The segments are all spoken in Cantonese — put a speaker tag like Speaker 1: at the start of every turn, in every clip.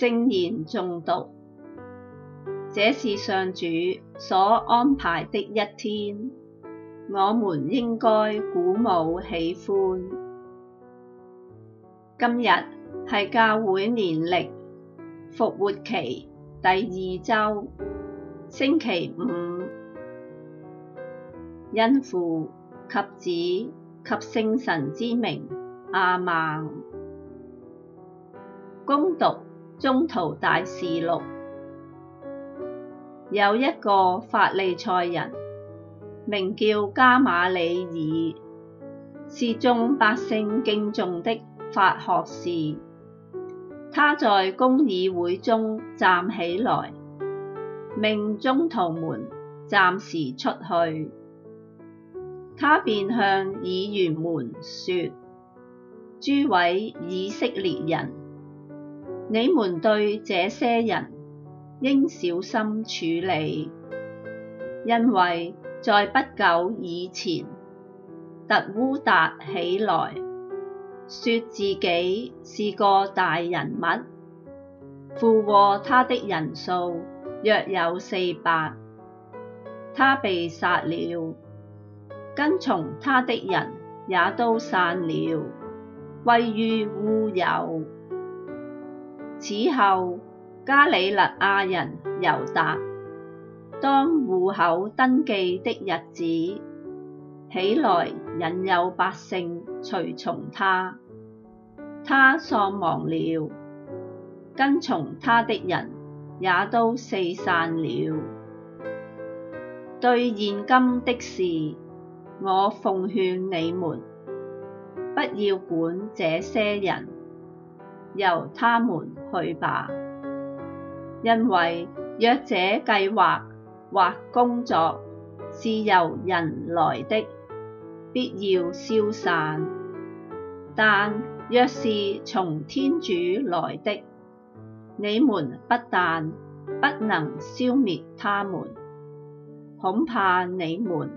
Speaker 1: 正言誦讀，這是上主所安排的一天，我們應該鼓舞喜歡。今日係教會年曆復活期第二周，星期五，因父及子及聖神之名亞孟，恭讀。宗徒大事錄。有一個法利塞人，名叫加瑪里耳，是眾百姓敬重的法學士。他在公議會中站起來，命宗徒們暫時出去。他便向議員們說：「諸位以色列人。你們對這些人，應小心處理，因為在不久以前，特烏達起來，說自己是個大人物，附和他的人數約有四百，他被殺了，跟從他的人也都散了，歸於烏有。此後，加里肋亞人猶達當戶口登記的日子起來，引誘百姓隨從他，他喪亡了，跟從他的人也都四散了。對現今的事，我奉勸你們，不要管這些人。由他們去吧，因為若這計劃或工作是由人來的，必要消散。但若是從天主來的，你們不但不能消滅他們，恐怕你們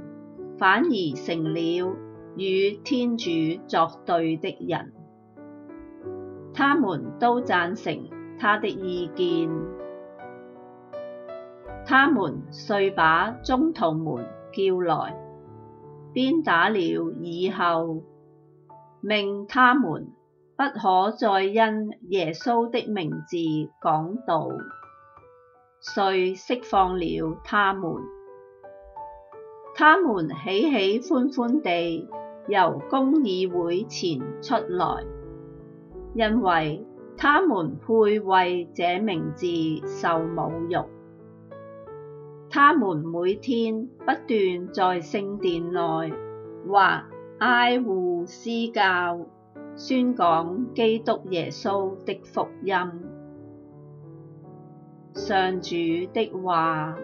Speaker 1: 反而成了與天主作對的人。他們都贊成他的意見，他們遂把宗徒們叫來，鞭打了以後，命他們不可再因耶穌的名字講道，遂釋放了他們。他們喜喜歡歡地由公議會前出來。因為他們配為這名字受侮辱，他們每天不斷在聖殿內，或挨戶施教，宣講基督耶穌的福音。上主的話。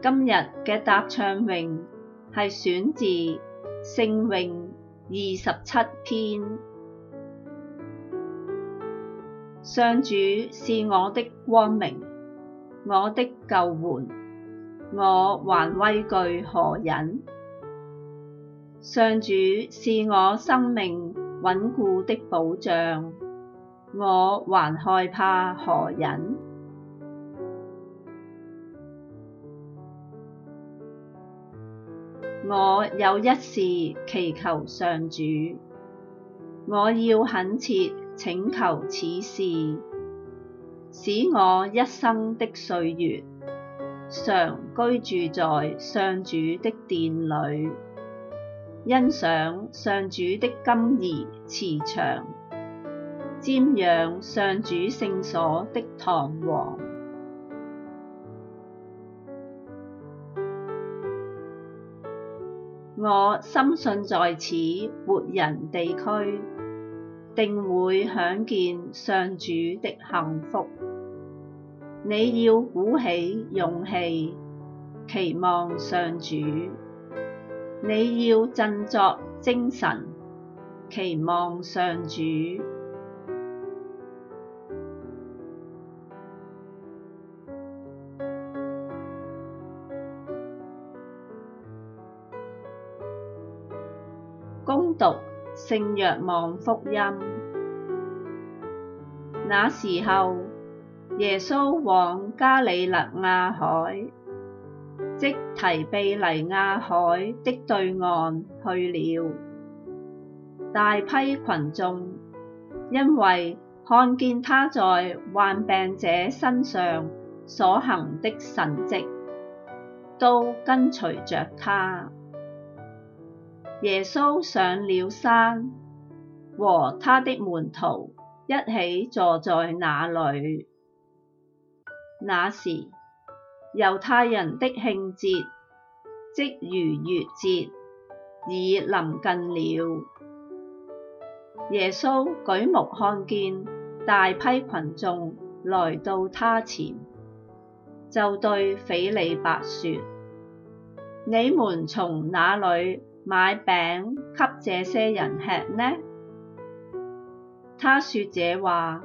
Speaker 1: 今日嘅答唱詠係選自聖詠二十七篇。上主是我的光明，我的救援，我還畏懼何人？上主是我生命穩固的保障，我還害怕何人？我有一事祈求上主，我要懇切請求此事，使我一生的歲月常居住在上主的殿裏，欣賞上主的甘飴慈祥，瞻仰上主聖所的堂皇。我深信在此活人地區，定會享見上主的幸福。你要鼓起勇氣，期望上主；你要振作精神，期望上主。恭讀聖若望福音。那時候，耶穌往加里肋亞海，即提庇黎雅海的對岸去了。大批群眾，因為看見他在患病者身上所行的神跡，都跟隨着他。耶穌上了山，和他的門徒一起坐在那裏。那時，猶太人的慶節，即逾越節，已臨近了。耶穌舉目看見大批群眾來到他前，就對斐理伯說：你們從那裏買餅給這些人吃呢？他說這話，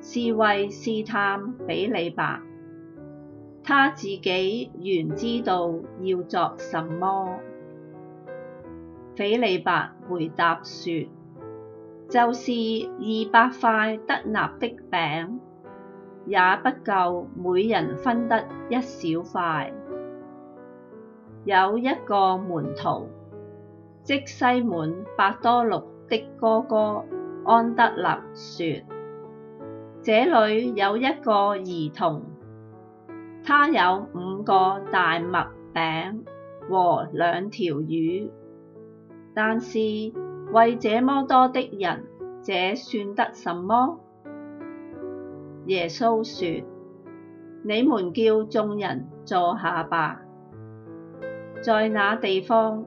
Speaker 1: 是為試探斐理伯。他自己原知道要作什麼。斐理伯回答說：就是二百塊德納的餅，也不夠每人分得一小塊。有一個門徒，即西滿伯多祿的哥哥安德肋說：這裡有一個兒童，他有五個大麥餅和兩條魚，但是為這麼多的人，這算得什麼？耶穌說：你們叫眾人坐下吧，在那地方，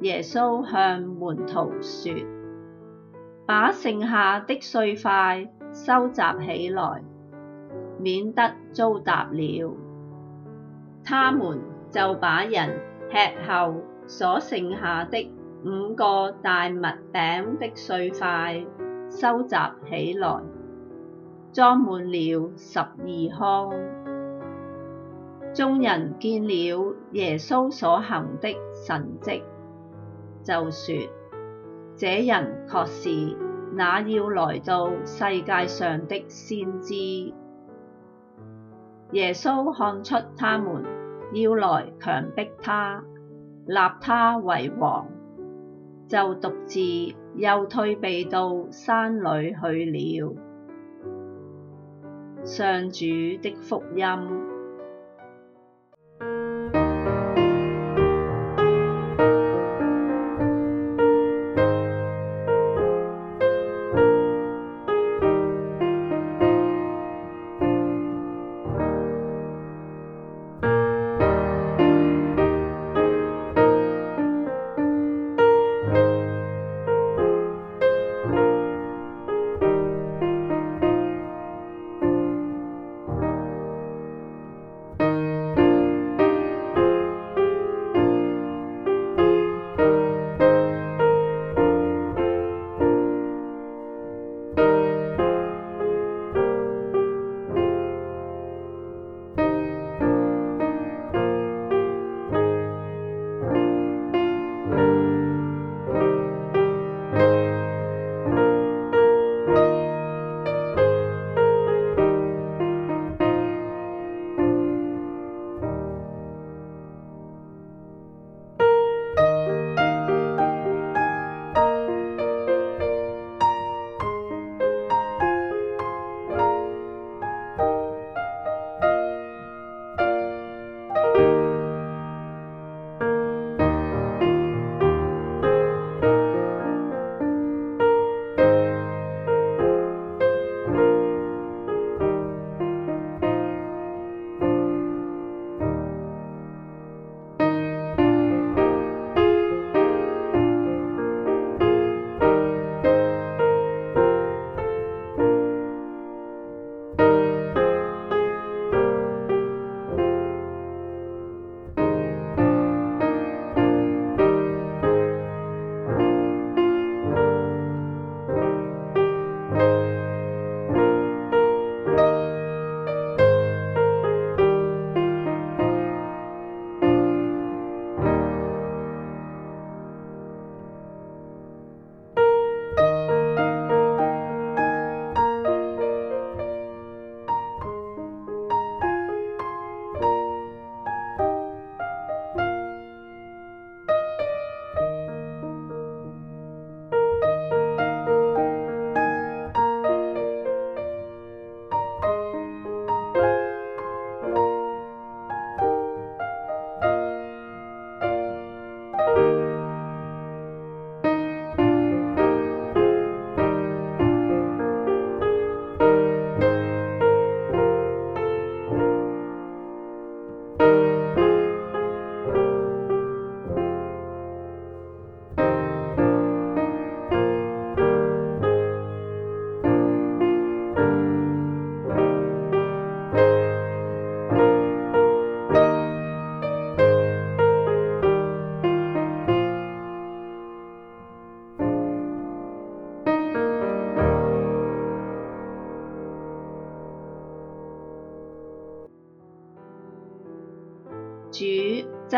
Speaker 1: 耶穌向門徒説：把剩下的碎塊收集起來，免得糟蹋了。他們就把人吃後所剩下的五個大麥餅的碎塊，收集起來，裝滿了十二筐。眾人見了耶穌所行的神蹟，就說：這人確是那要來到世界上的先知。耶穌看出他們要來強迫他，立他為王，就獨自又退避到山裏去了。上主的福音。